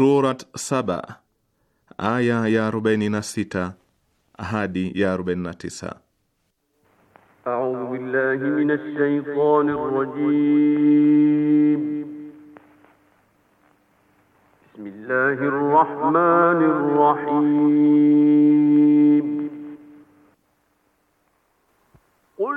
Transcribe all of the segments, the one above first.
Surat saba aya ya arobaini na sita hadi ya arobaini na tisa. A'udhu billahi minash Bismillahi rrajim. Bismillahir rahmanir rahim. Qul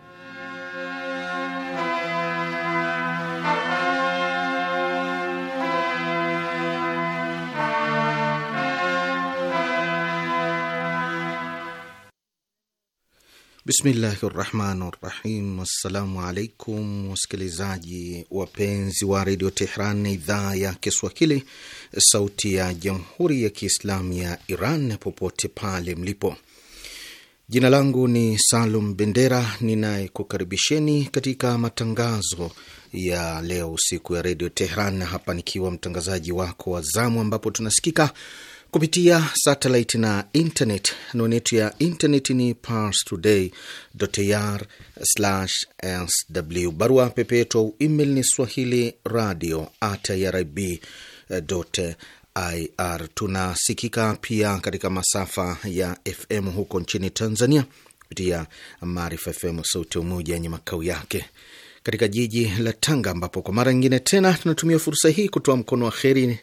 Bismillahi rahmani rahim. Assalamu alaikum wasikilizaji wapenzi wa redio Tehran, idhaa ya Kiswahili, sauti ya jamhuri ya kiislamu ya Iran, popote pale mlipo. Jina langu ni Salum Bendera ninayekukaribisheni katika matangazo ya leo usiku ya redio Tehran, hapa nikiwa mtangazaji wako wa zamu, ambapo tunasikika kupitia satelit na internet. Anwani yetu ya internet ni parstoday.ir/sw. Barua pepe yetu au email ni swahili radio at irib ir. Tunasikika pia katika masafa ya FM huko nchini Tanzania kupitia Maarifa FM sauti ya Umoja yenye makao yake katika jiji la Tanga, ambapo kwa mara nyingine tena tunatumia fursa hii kutoa mkono wa kheri,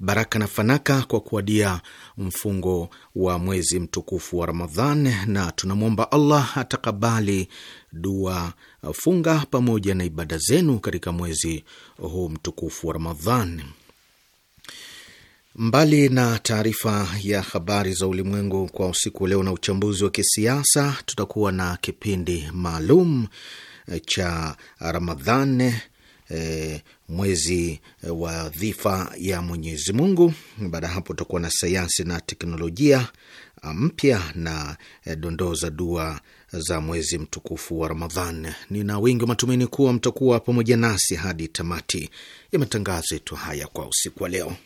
baraka na fanaka kwa kuadia mfungo wa mwezi mtukufu wa Ramadhan, na tunamwomba Allah atakabali dua, funga pamoja na ibada zenu katika mwezi huu mtukufu wa Ramadhan. Mbali na taarifa ya habari za ulimwengu kwa usiku leo na uchambuzi wa kisiasa, tutakuwa na kipindi maalum cha Ramadhan, e, mwezi wa dhifa ya Mwenyezi Mungu. Baada ya hapo, tutakuwa na sayansi na teknolojia mpya na e, dondoo za dua za mwezi mtukufu wa Ramadhan. Nina wingi wa matumaini kuwa mtakuwa pamoja nasi hadi tamati ya matangazo yetu haya kwa usiku wa leo.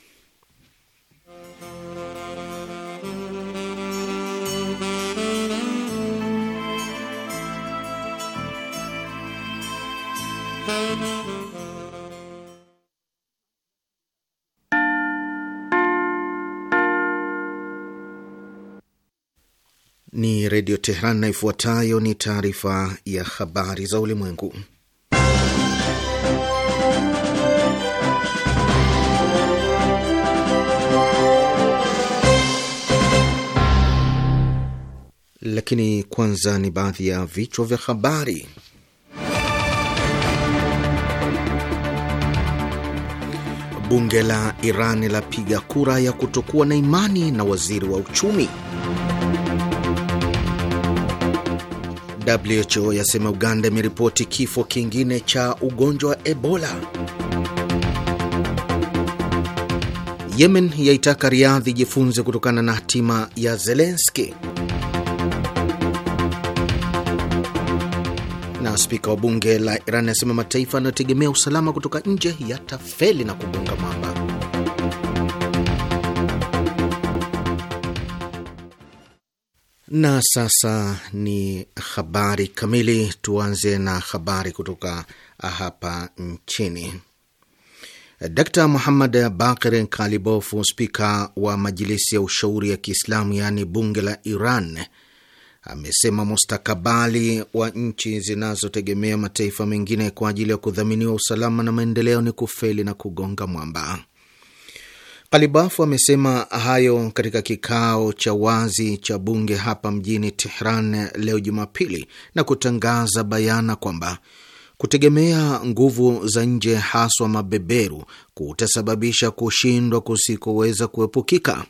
Ni Redio Tehran na ifuatayo ni taarifa ya habari za ulimwengu. Lakini kwanza ni baadhi ya vichwa vya habari. Bunge la Iran lapiga kura ya kutokuwa na imani na waziri wa uchumi. WHO yasema Uganda imeripoti kifo kingine cha ugonjwa wa Ebola. Yemen yaitaka Riadhi jifunze kutokana na hatima ya Zelenski. Na spika wa bunge la Iran yasema mataifa yanayotegemea usalama kutoka nje yatafeli na kugonga mwamba. Na sasa ni habari kamili. Tuanze na habari kutoka ah, hapa nchini. Dkt Muhammad Bakir Kalibofu, spika wa Majilisi ya Ushauri ya Kiislamu yaani bunge la Iran, amesema mustakabali wa nchi zinazotegemea mataifa mengine kwa ajili ya kudhaminiwa usalama na maendeleo ni kufeli na kugonga mwamba. Alibafu amesema hayo katika kikao cha wazi cha bunge hapa mjini Tehran leo Jumapili, na kutangaza bayana kwamba kutegemea nguvu za nje, haswa mabeberu, kutasababisha kushindwa kusikoweza kuepukika.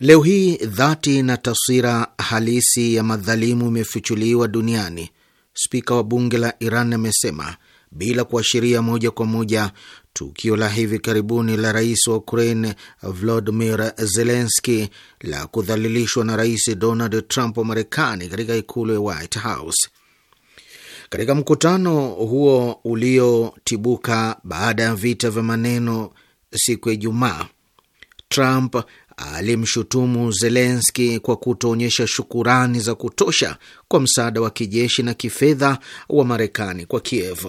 Leo hii dhati na taswira halisi ya madhalimu imefichuliwa duniani, spika wa bunge la Iran amesema bila kuashiria moja kwa moja Tukio la hivi karibuni la rais wa Ukraine Volodymyr Zelensky la kudhalilishwa na rais Donald Trump wa Marekani katika ikulu ya White House. Katika mkutano huo uliotibuka baada ya vita vya maneno siku ya Ijumaa, Trump alimshutumu Zelenski kwa kutoonyesha shukurani za kutosha kwa msaada wa kijeshi na kifedha wa Marekani kwa Kiev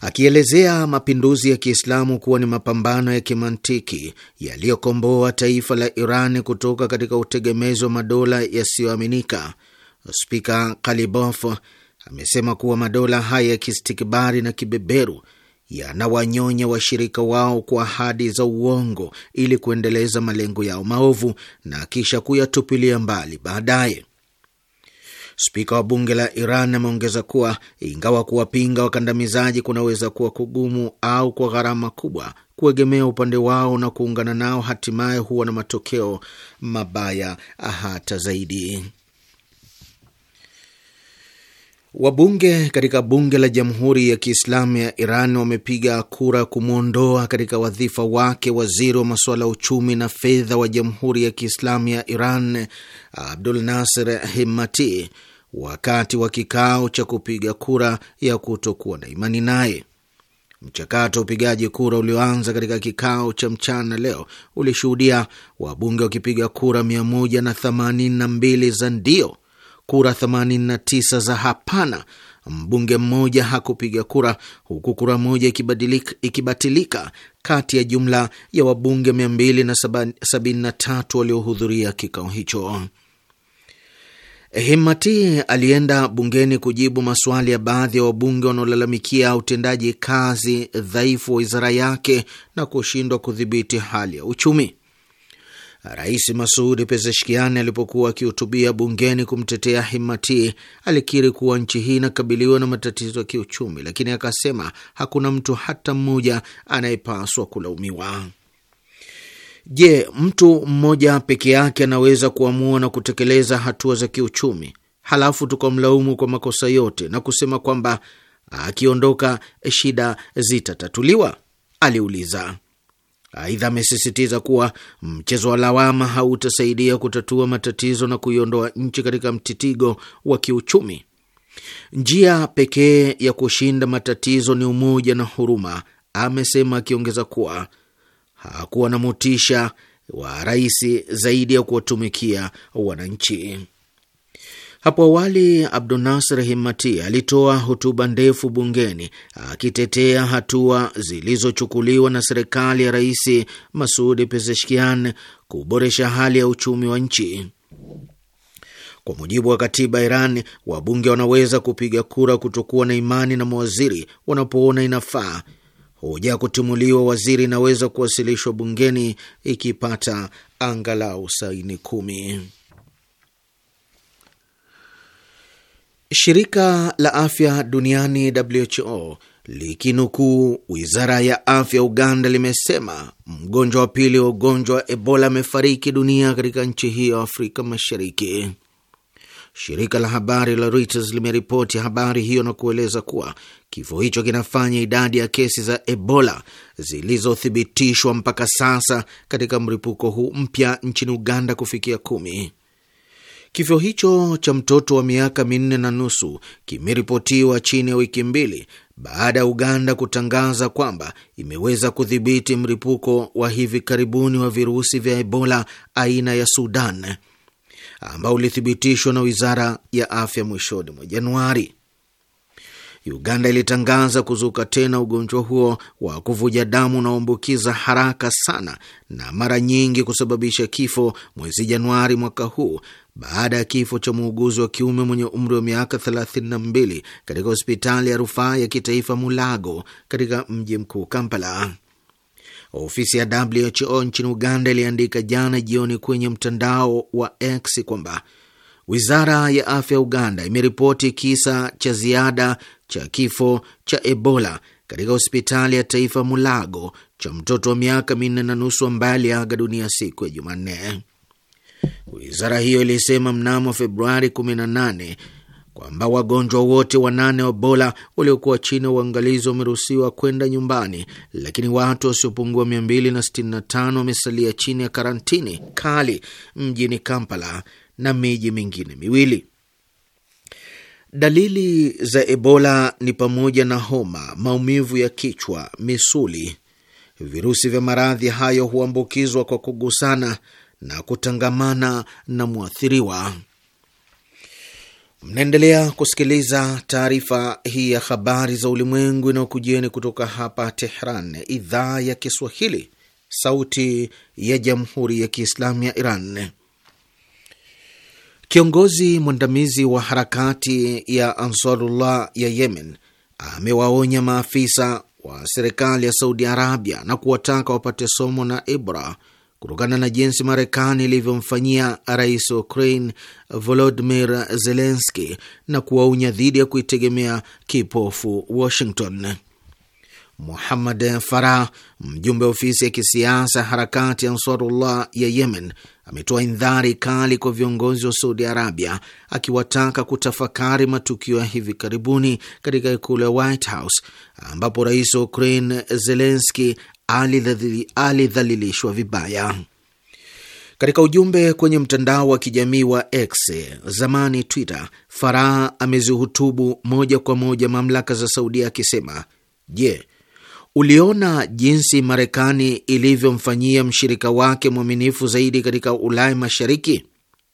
akielezea mapinduzi ya Kiislamu kuwa ni mapambano ya kimantiki yaliyokomboa taifa la Iran kutoka katika utegemezi wa madola yasiyoaminika. Spika Kalibof amesema kuwa madola haya ya kistikibari na kibeberu yanawanyonya washirika wao kwa ahadi za uongo ili kuendeleza malengo yao maovu na kisha kuyatupilia mbali baadaye. Spika wa bunge la Iran ameongeza kuwa ingawa kuwapinga wakandamizaji kunaweza kuwa kugumu au kwa gharama kubwa, kuegemea upande wao na kuungana nao hatimaye huwa na matokeo mabaya hata zaidi. Wabunge katika bunge la Jamhuri ya Kiislamu ya Iran wamepiga kura kumwondoa katika wadhifa wake waziri wa masuala ya uchumi na fedha wa Jamhuri ya Kiislamu ya Iran Abdul Nasir Himmati wakati wa kikao cha kupiga kura ya kutokuwa na imani naye. Mchakato wa upigaji kura ulioanza katika kikao cha mchana leo ulishuhudia wabunge wakipiga kura 182 za ndio, kura 89 za hapana. Mbunge mmoja hakupiga kura, huku kura moja ikibatilika kati ya jumla ya wabunge 273 waliohudhuria kikao hicho. Himati alienda bungeni kujibu maswali ya baadhi ya wabunge wanaolalamikia utendaji kazi dhaifu wa wizara yake na kushindwa kudhibiti hali ya uchumi. Rais Masudi Pezeshkiani alipokuwa akihutubia bungeni kumtetea Himati alikiri kuwa nchi hii inakabiliwa na matatizo ya kiuchumi, lakini akasema hakuna mtu hata mmoja anayepaswa kulaumiwa. Je, mtu mmoja peke yake anaweza kuamua na kutekeleza hatua za kiuchumi halafu tukamlaumu kwa makosa yote na kusema kwamba akiondoka shida zitatatuliwa? Aliuliza. Aidha, amesisitiza kuwa mchezo wa lawama hautasaidia kutatua matatizo na kuiondoa nchi katika mtitigo wa kiuchumi. Njia pekee ya kushinda matatizo ni umoja na huruma, amesema, akiongeza kuwa hakuwa na motisha wa rais zaidi ya kuwatumikia wananchi. Hapo awali Abdunasir Himati alitoa hotuba ndefu bungeni akitetea hatua zilizochukuliwa na serikali ya Rais Masudi Pezeshkian kuboresha hali ya uchumi wa nchi. Kwa mujibu wa katiba Iran, wabunge wanaweza kupiga kura kutokuwa na imani na mawaziri wanapoona inafaa, hoja ya kutimuliwa waziri inaweza kuwasilishwa bungeni ikipata angalau saini kumi. Shirika la afya duniani WHO likinukuu wizara ya afya Uganda limesema mgonjwa wa pili wa ugonjwa wa Ebola amefariki dunia katika nchi hiyo Afrika Mashariki. Shirika la habari la Reuters limeripoti habari hiyo na kueleza kuwa kifo hicho kinafanya idadi ya kesi za Ebola zilizothibitishwa mpaka sasa katika mlipuko huu mpya nchini Uganda kufikia kumi. Kifo hicho cha mtoto wa miaka minne na nusu kimeripotiwa chini ya wiki mbili baada ya Uganda kutangaza kwamba imeweza kudhibiti mlipuko wa hivi karibuni wa virusi vya Ebola aina ya Sudan ambao ulithibitishwa na wizara ya afya mwishoni mwa Januari. Uganda ilitangaza kuzuka tena ugonjwa huo wa kuvuja damu unaoambukiza haraka sana na mara nyingi kusababisha kifo mwezi Januari mwaka huu baada ya kifo cha muuguzi wa kiume mwenye umri wa miaka 32 katika hospitali ya rufaa ya kitaifa Mulago katika mji mkuu Kampala. Ofisi ya WHO nchini Uganda iliandika jana jioni kwenye mtandao wa X kwamba wizara ya afya ya Uganda imeripoti kisa cha ziada cha kifo cha Ebola katika hospitali ya taifa Mulago cha mtoto wa miaka minne na nusu ambaye aliaga dunia siku ya Jumanne. Wizara hiyo ilisema mnamo Februari 18 kwamba wagonjwa wote wanane wa Ebola waliokuwa chini ya uangalizi wameruhusiwa kwenda nyumbani, lakini watu wasiopungua 265 wamesalia chini ya karantini kali mjini Kampala na miji mingine miwili. Dalili za Ebola ni pamoja na homa, maumivu ya kichwa, misuli. Virusi vya maradhi hayo huambukizwa kwa kugusana na kutangamana na mwathiriwa. Mnaendelea kusikiliza taarifa hii ya habari za ulimwengu inayokujieni kutoka hapa Tehran, idhaa ya Kiswahili, sauti ya jamhuri ya kiislamu ya Iran. Kiongozi mwandamizi wa harakati ya Ansarullah ya Yemen amewaonya maafisa wa serikali ya Saudi Arabia na kuwataka wapate somo na ibra kutokana na jinsi Marekani ilivyomfanyia rais wa Ukraine Volodimir Zelenski na kuwaonya dhidi ya kuitegemea kipofu Washington. Muhammad Farah, mjumbe wa ofisi ya kisiasa harakati ya Ansarullah ya Yemen, ametoa indhari kali kwa viongozi wa Saudi Arabia, akiwataka kutafakari matukio ya hivi karibuni katika ikulu ya White House ambapo rais wa Ukraine Zelenski alidhalilishwa vibaya. Katika ujumbe kwenye mtandao wa kijamii wa X, zamani Twitter, Farah amezihutubu moja kwa moja mamlaka za Saudia akisema, je, uliona jinsi Marekani ilivyomfanyia mshirika wake mwaminifu zaidi katika Ulaya Mashariki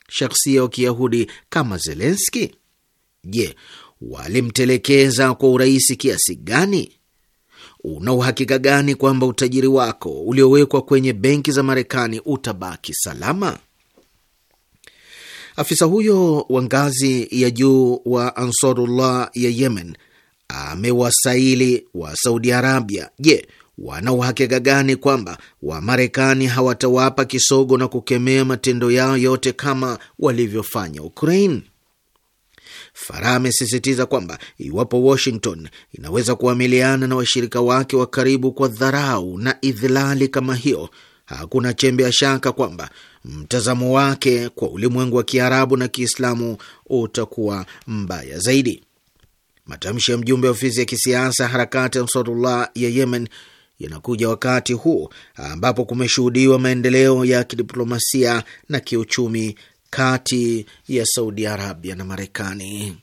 shakhsia wa Kiyahudi kama Zelenski? Je, walimtelekeza kwa urahisi kiasi gani? una uhakika gani kwamba utajiri wako uliowekwa kwenye benki za Marekani utabaki salama? Afisa huyo wa ngazi ya juu wa Ansarullah ya Yemen amewasaili wa Saudi Arabia, je, wana uhakika gani kwamba Wamarekani hawatawapa kisogo na kukemea matendo yao yote kama walivyofanya Ukraine? Farah amesisitiza kwamba iwapo Washington inaweza kuamiliana na washirika wake wa karibu kwa dharau na idhilali kama hiyo, hakuna chembe ya shaka kwamba mtazamo wake kwa ulimwengu wa Kiarabu na Kiislamu utakuwa mbaya zaidi. Matamshi ya mjumbe wa ofisi ya kisiasa harakati Ansarullah ya Yemen yanakuja wakati huu ambapo kumeshuhudiwa maendeleo ya kidiplomasia na kiuchumi kati ya Saudi Arabia na Marekani.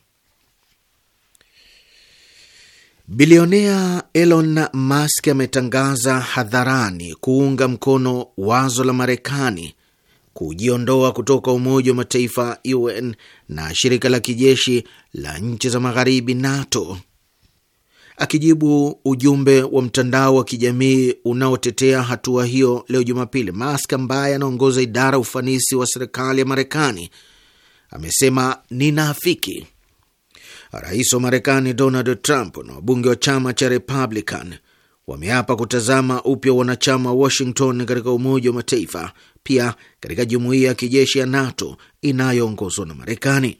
Bilionea Elon Musk ametangaza hadharani kuunga mkono wazo la Marekani kujiondoa kutoka Umoja wa Mataifa, UN, na shirika la kijeshi la nchi za magharibi NATO. Akijibu ujumbe wa mtandao wa kijamii unaotetea hatua hiyo leo Jumapili, Mask ambaye anaongoza idara ya ufanisi wa serikali ya Marekani amesema ni nafiki rais wa Marekani Donald Trump na wabunge wa chama cha Republican wameapa kutazama upya wanachama wa Washington katika Umoja wa Mataifa, pia katika jumuiya ya kijeshi ya NATO inayoongozwa na Marekani.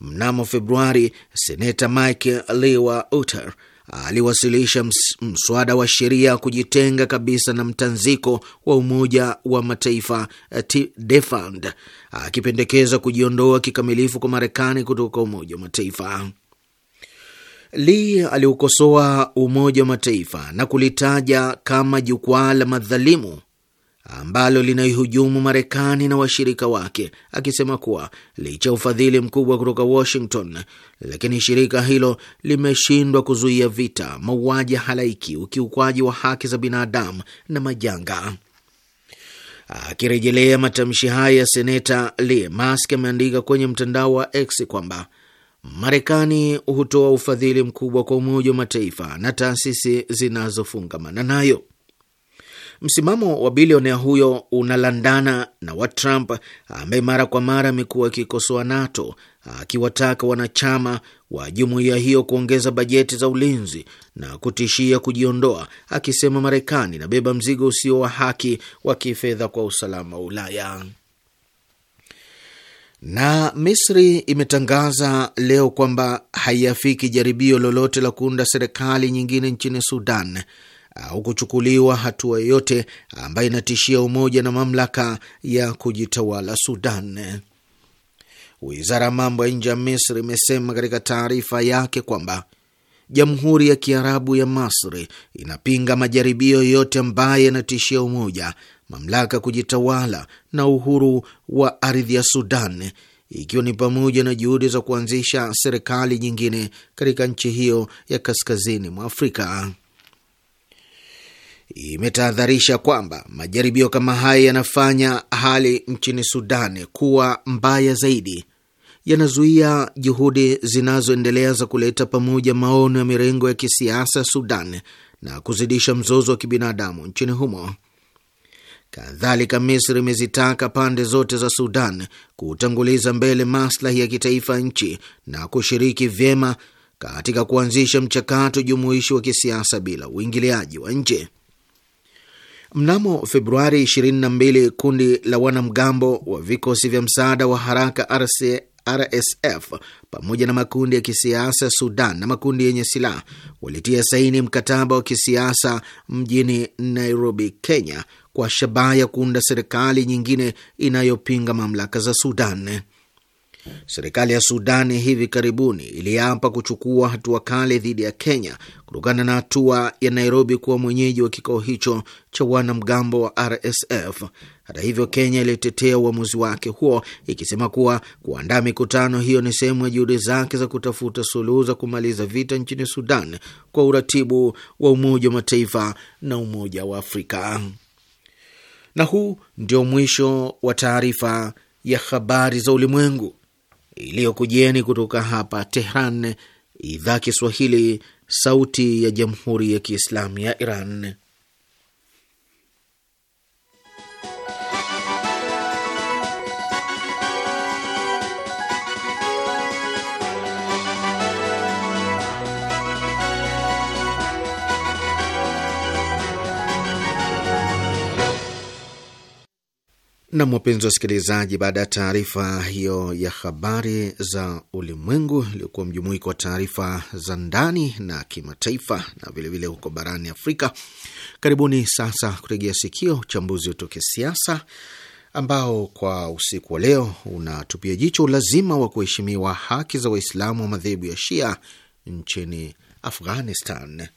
Mnamo Februari, seneta Mike Lewa uter aliwasilisha mswada wa sheria kujitenga kabisa na mtanziko wa Umoja wa Mataifa eh, Defund, akipendekeza kujiondoa kikamilifu kwa Marekani kutoka Umoja wa Mataifa. Lee aliukosoa Umoja wa Mataifa na kulitaja kama jukwaa la madhalimu ambalo linaihujumu Marekani na washirika wake, akisema kuwa licha ya ufadhili mkubwa kutoka Washington, lakini shirika hilo limeshindwa kuzuia vita, mauaji ya halaiki, ukiukwaji wa haki za binadamu na majanga. Akirejelea matamshi haya ya seneta Lee, Musk ameandika kwenye mtandao wa X kwamba Marekani hutoa ufadhili mkubwa kwa Umoja wa Mataifa na taasisi zinazofungamana nayo. Msimamo wa bilionea huyo unalandana na wa Trump ambaye mara kwa mara amekuwa akikosoa NATO akiwataka wanachama wa jumuiya hiyo kuongeza bajeti za ulinzi na kutishia kujiondoa, akisema Marekani inabeba mzigo usio wa haki wa kifedha kwa usalama wa Ulaya. Na Misri imetangaza leo kwamba haiafiki jaribio lolote la kuunda serikali nyingine nchini Sudan au kuchukuliwa hatua yoyote ambayo inatishia umoja na mamlaka ya kujitawala Sudan. Wizara ya mambo ya nje ya Misri imesema katika taarifa yake kwamba Jamhuri ya Kiarabu ya Masri inapinga majaribio yote ambayo yanatishia umoja, mamlaka ya kujitawala na uhuru wa ardhi ya Sudan, ikiwa ni pamoja na juhudi za kuanzisha serikali nyingine katika nchi hiyo ya kaskazini mwa Afrika imetahadharisha kwamba majaribio kama haya yanafanya hali nchini Sudani kuwa mbaya zaidi, yanazuia juhudi zinazoendelea za kuleta pamoja maono ya mirengo ya kisiasa Sudan na kuzidisha mzozo wa kibinadamu nchini humo. Kadhalika, Misri imezitaka pande zote za Sudan kutanguliza mbele maslahi ya kitaifa nchi na kushiriki vyema katika kuanzisha mchakato jumuishi wa kisiasa bila uingiliaji wa nje. Mnamo Februari 22 kundi la wanamgambo wa vikosi vya msaada wa haraka RC, RSF pamoja na makundi ya kisiasa Sudan na makundi yenye silaha walitia saini mkataba wa kisiasa mjini Nairobi, Kenya, kwa shabaha ya kuunda serikali nyingine inayopinga mamlaka za Sudan. Serikali ya Sudani hivi karibuni iliapa kuchukua hatua kali dhidi ya Kenya kutokana na hatua ya Nairobi kuwa mwenyeji wa kikao hicho cha wanamgambo wa RSF. Hata hivyo, Kenya ilitetea uamuzi wake huo ikisema kuwa kuandaa mikutano hiyo ni sehemu ya juhudi zake za kutafuta suluhu za kumaliza vita nchini Sudan kwa uratibu wa Umoja wa Mataifa na Umoja wa Afrika. Na huu ndio mwisho wa taarifa ya habari za ulimwengu iliyokujieni kutoka hapa Tehran, idhaa Kiswahili, sauti ya jamhuri ya kiislamu ya Iran. Nam, wapenzi wasikilizaji, baada ya taarifa hiyo ya habari za ulimwengu iliyokuwa mjumuiko wa taarifa za ndani na kimataifa na vilevile vile huko barani Afrika, karibuni sasa kuregea sikio uchambuzi wetu wa kisiasa ambao kwa usiku wa leo unatupia jicho ulazima wa kuheshimiwa haki za Waislamu wa madhehebu ya Shia nchini Afghanistan.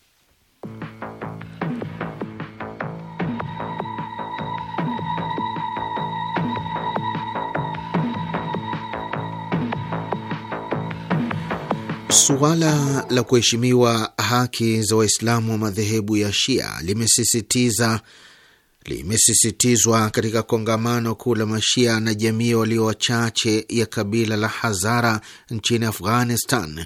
Suala la kuheshimiwa haki za Waislamu wa madhehebu ya Shia limesisitiza limesisitizwa katika kongamano kuu la Mashia na jamii walio wachache ya kabila la Hazara nchini Afghanistan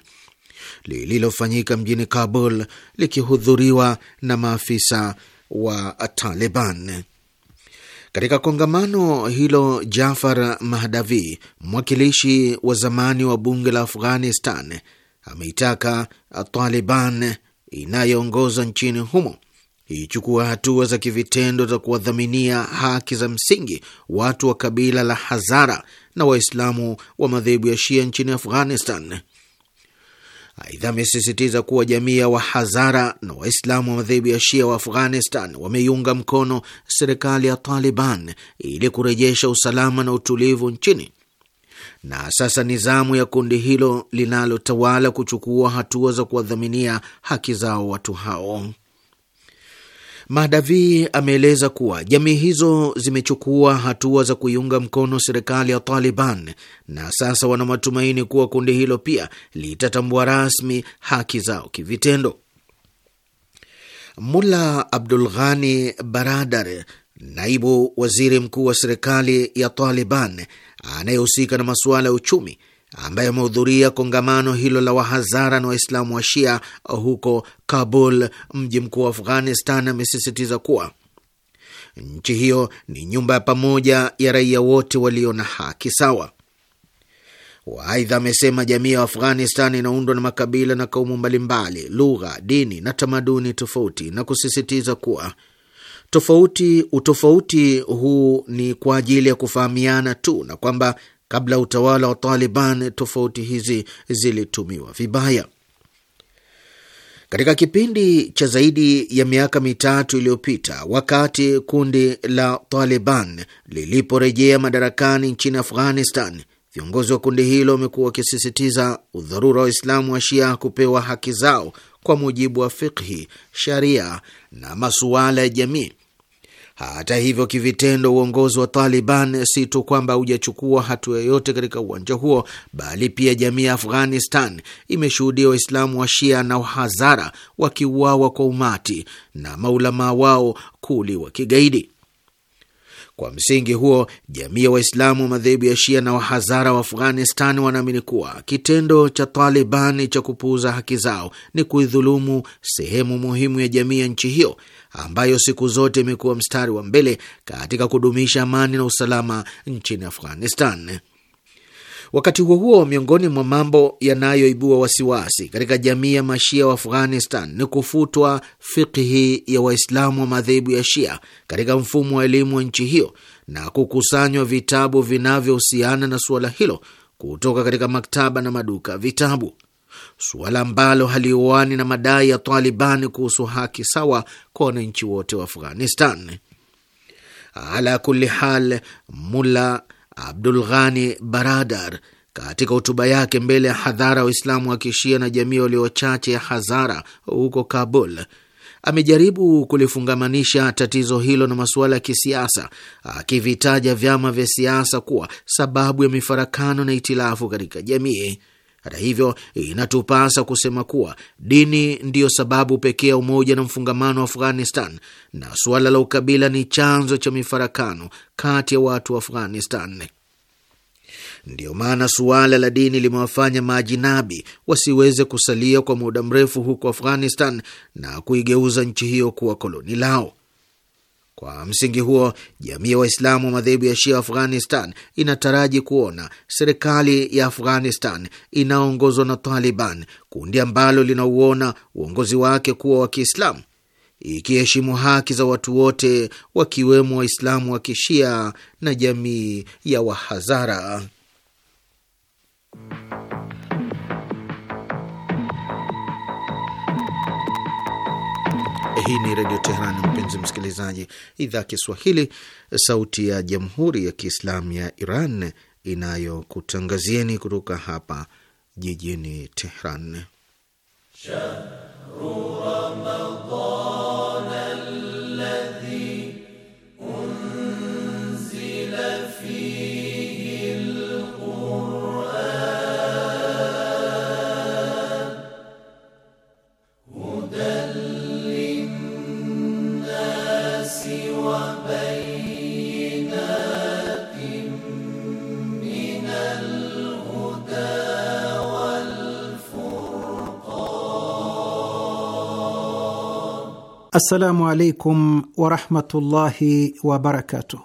lililofanyika mjini Kabul likihudhuriwa na maafisa wa Taliban. Katika kongamano hilo, Jafar Mahdavi, mwakilishi wa zamani wa bunge la Afghanistan, ameitaka Taliban inayoongoza nchini humo ichukua hatua za kivitendo za kuwadhaminia haki za msingi watu wa kabila la Hazara na Waislamu wa madhehebu ya Shia nchini Afghanistan. Aidha, amesisitiza kuwa jamii ya Wahazara na Waislamu wa madhehebu ya Shia wa Afghanistan wameiunga mkono serikali ya Taliban ili kurejesha usalama na utulivu nchini na sasa ni zamu ya kundi hilo linalotawala kuchukua hatua za kuwadhaminia haki zao watu hao. Mahdavi ameeleza kuwa jamii hizo zimechukua hatua za kuiunga mkono serikali ya Taliban na sasa wana matumaini kuwa kundi hilo pia litatambua rasmi haki zao kivitendo. mula Abdul Ghani Baradar, naibu waziri mkuu wa serikali ya Taliban, anayehusika na masuala ya uchumi ambaye amehudhuria kongamano hilo la wahazara na Waislamu wa Shia huko Kabul, mji mkuu wa Afghanistan, amesisitiza kuwa nchi hiyo ni nyumba ya pamoja ya raia wote walio na haki sawa. Waidha amesema jamii ya Afghanistan inaundwa na makabila na kaumu mbalimbali, lugha, dini na tamaduni tofauti, na kusisitiza kuwa Tofauti utofauti huu ni kwa ajili ya kufahamiana tu, na kwamba kabla utawala wa Taliban tofauti hizi zilitumiwa vibaya. Katika kipindi cha zaidi ya miaka mitatu iliyopita, wakati kundi la Taliban liliporejea madarakani nchini Afghanistan, viongozi wa kundi hilo wamekuwa wakisisitiza udharura wa Waislamu wa Shia kupewa haki zao kwa mujibu wa fikhi, sharia na masuala ya jamii. Hata hivyo, kivitendo, uongozi wa Taliban si tu kwamba ujachukua hatua yoyote katika uwanja huo, bali pia jamii ya Afghanistan imeshuhudia Waislamu wa Shia na Wahazara wakiuawa kwa umati na maulamaa wao kuuliwa kigaidi. Kwa msingi huo, jamii ya Waislamu wa madhehebu ya Shia na Wahazara wa Afghanistan wanaamini kuwa kitendo cha Talibani cha kupuuza haki zao ni kuidhulumu sehemu muhimu ya jamii ya nchi hiyo ambayo siku zote imekuwa mstari wa mbele katika kudumisha amani na usalama nchini Afghanistan. Wakati huo huo, miongoni mwa mambo yanayoibua wasiwasi katika jamii ya mashia wa Afghanistan ni kufutwa fikhi ya Waislamu wa madhehebu ya Shia katika mfumo wa elimu wa nchi hiyo na kukusanywa vitabu vinavyohusiana na suala hilo kutoka katika maktaba na maduka ya vitabu, suala ambalo haliuani na madai ya Taliban kuhusu haki sawa kwa wananchi wote wa Afghanistan. Ala kulli hal mula Abdul Ghani Baradar katika hotuba yake mbele ya hadhara Waislamu wa kishia na jamii walio wachache ya Hazara huko Kabul amejaribu kulifungamanisha tatizo hilo na masuala ya kisiasa, akivitaja vyama vya siasa kuwa sababu ya mifarakano na itilafu katika jamii. Hata hivyo, inatupasa kusema kuwa dini ndiyo sababu pekee ya umoja na mfungamano wa Afghanistan, na suala la ukabila ni chanzo cha mifarakano kati ya watu wa Afghanistan. Ndiyo maana suala la dini limewafanya maajinabi wasiweze kusalia kwa muda mrefu huko Afghanistan na kuigeuza nchi hiyo kuwa koloni lao. Kwa msingi huo, jamii ya Waislamu wa madhehebu ya Shia Afghanistan inataraji kuona serikali ya Afghanistan inaongozwa na Taliban, kundi ambalo linauona uongozi wake kuwa wa Kiislamu, ikiheshimu haki za watu wote wakiwemo Waislamu wa Kishia na jamii ya Wahazara. Hii ni Redio Teherani, mpenzi msikilizaji, idhaa Kiswahili, sauti ya Jamhuri ya Kiislamu ya Iran inayokutangazieni kutoka hapa jijini Tehran. Assalamu alaikum warahmatullahi wabarakatuh.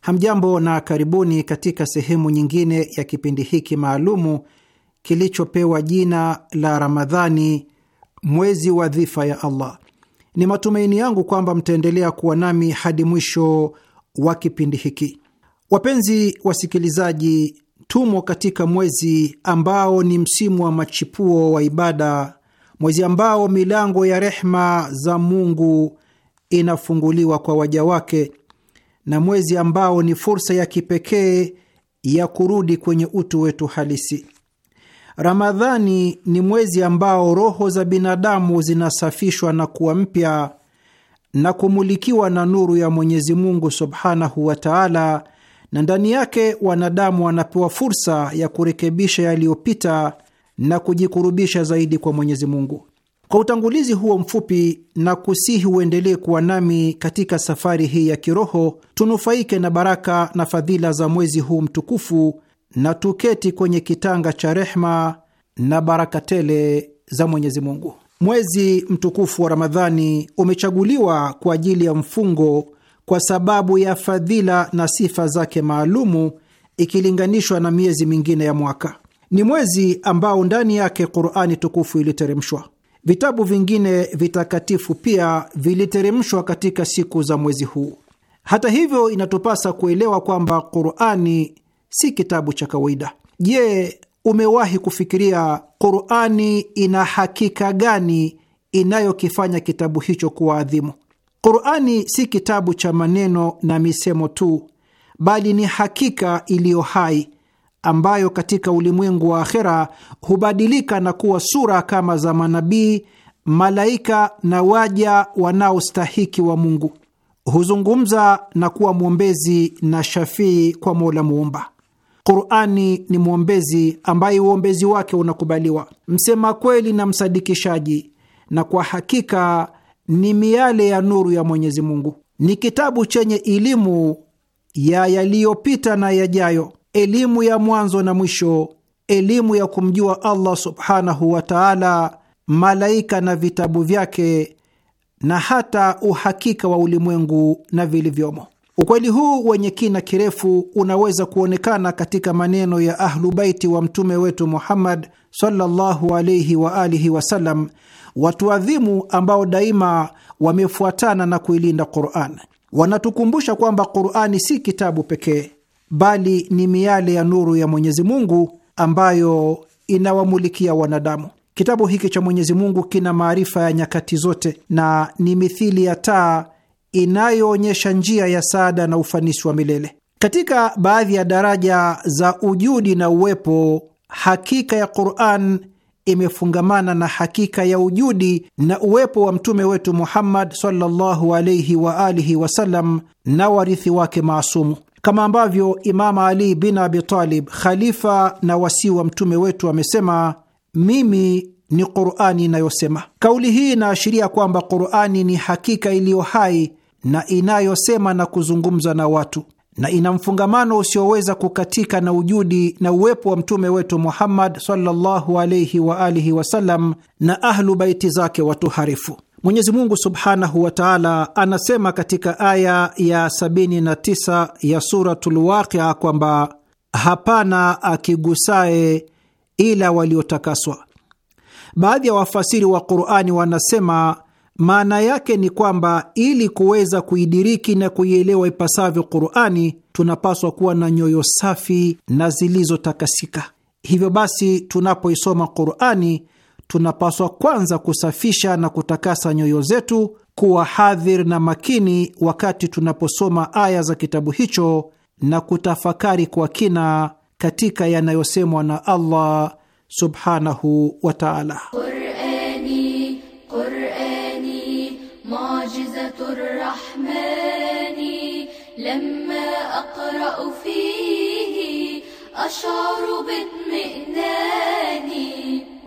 Hamjambo na karibuni katika sehemu nyingine ya kipindi hiki maalumu kilichopewa jina la Ramadhani, mwezi wa dhifa ya Allah. Ni matumaini yangu kwamba mtaendelea kuwa nami hadi mwisho wa kipindi hiki. Wapenzi wasikilizaji, tumo katika mwezi ambao ni msimu wa machipuo wa ibada mwezi ambao milango ya rehma za Mungu inafunguliwa kwa waja wake na mwezi ambao ni fursa ya kipekee ya kurudi kwenye utu wetu halisi. Ramadhani ni mwezi ambao roho za binadamu zinasafishwa na kuwa mpya na kumulikiwa na nuru ya Mwenyezi Mungu subhanahu wa taala, na ndani yake wanadamu wanapewa fursa ya kurekebisha yaliyopita na kujikurubisha zaidi kwa Mwenyezi Mungu. Kwa utangulizi huo mfupi, na kusihi uendelee kuwa nami katika safari hii ya kiroho, tunufaike na baraka na fadhila za mwezi huu mtukufu na tuketi kwenye kitanga cha rehma na baraka tele za Mwenyezi Mungu. Mwezi mtukufu wa Ramadhani umechaguliwa kwa ajili ya mfungo kwa sababu ya fadhila na sifa zake maalumu ikilinganishwa na miezi mingine ya mwaka. Ni mwezi ambao ndani yake Qurani tukufu iliteremshwa. Vitabu vingine vitakatifu pia viliteremshwa katika siku za mwezi huu. Hata hivyo, inatupasa kuelewa kwamba Qurani si kitabu cha kawaida. Je, umewahi kufikiria Qurani ina hakika gani inayokifanya kitabu hicho kuwa adhimu? Qurani si kitabu cha maneno na misemo tu, bali ni hakika iliyo hai ambayo katika ulimwengu wa akhera hubadilika na kuwa sura kama za manabii, malaika na waja wanaostahiki wa Mungu. Huzungumza na kuwa mwombezi na shafii kwa Mola Muumba. Qurani ni mwombezi ambaye uombezi wake unakubaliwa, msema kweli na msadikishaji, na kwa hakika ni miale ya nuru ya Mwenyezi Mungu. Ni kitabu chenye elimu ya yaliyopita na yajayo elimu ya mwanzo na mwisho, elimu ya kumjua Allah subhanahu wa taala, malaika na vitabu vyake, na hata uhakika wa ulimwengu na vilivyomo. Ukweli huu wenye kina kirefu unaweza kuonekana katika maneno ya Ahlubaiti wa mtume wetu Muhammad sallallahu alaihi wa alihi wasallam, watu adhimu ambao daima wamefuatana na kuilinda Quran. Wanatukumbusha kwamba Qurani si kitabu pekee bali ni miale ya nuru ya Mwenyezi Mungu ambayo inawamulikia wanadamu. Kitabu hiki cha Mwenyezi Mungu kina maarifa ya nyakati zote na ni mithili ya taa inayoonyesha njia ya saada na ufanisi wa milele. Katika baadhi ya daraja za ujudi na uwepo, hakika ya Quran imefungamana na hakika ya ujudi na uwepo wa mtume wetu Muhammad sallallahu alaihi wa alihi wasallam na warithi wake maasumu kama ambavyo Imam Ali bin Abi Talib, khalifa na wasii wa mtume wetu, amesema, mimi ni Qurani inayosema. Kauli hii inaashiria kwamba Qurani ni hakika iliyo hai na inayosema na kuzungumza na watu na ina mfungamano usioweza kukatika na ujudi na uwepo wa mtume wetu Muhammad sallallahu wa alihi wasallam na ahlu baiti zake watuharifu. Mwenyezi Mungu subhanahu wa taala anasema katika aya ya 79 ya Suratul Waqia kwamba hapana akigusaye ila waliotakaswa. Baadhi ya wafasiri wa Qurani wanasema maana yake ni kwamba ili kuweza kuidiriki na kuielewa ipasavyo Qurani, tunapaswa kuwa na nyoyo safi na zilizotakasika. Hivyo basi, tunapoisoma Qurani tunapaswa kwanza kusafisha na kutakasa nyoyo zetu, kuwa hadhir na makini wakati tunaposoma aya za kitabu hicho na kutafakari kwa kina katika yanayosemwa na Allah subhanahu wa taala. Qurani,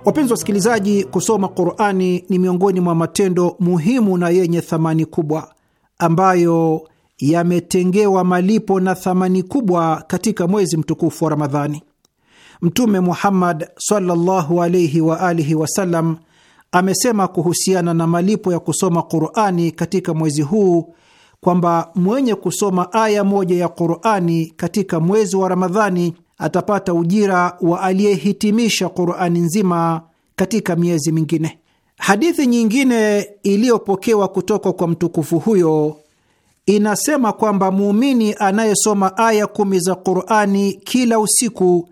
Wapenzi wasikilizaji, kusoma Qurani ni miongoni mwa matendo muhimu na yenye thamani kubwa ambayo yametengewa malipo na thamani kubwa katika mwezi mtukufu wa Ramadhani. Mtume Muhammad sallallahu alayhi wa alihi wasallam amesema kuhusiana na malipo ya kusoma Qurani katika mwezi huu kwamba mwenye kusoma aya moja ya Qurani katika mwezi wa Ramadhani atapata ujira wa aliyehitimisha Qurani nzima katika miezi mingine. Hadithi nyingine iliyopokewa kutoka kwa mtukufu huyo inasema kwamba muumini anayesoma aya kumi za Qurani kila usiku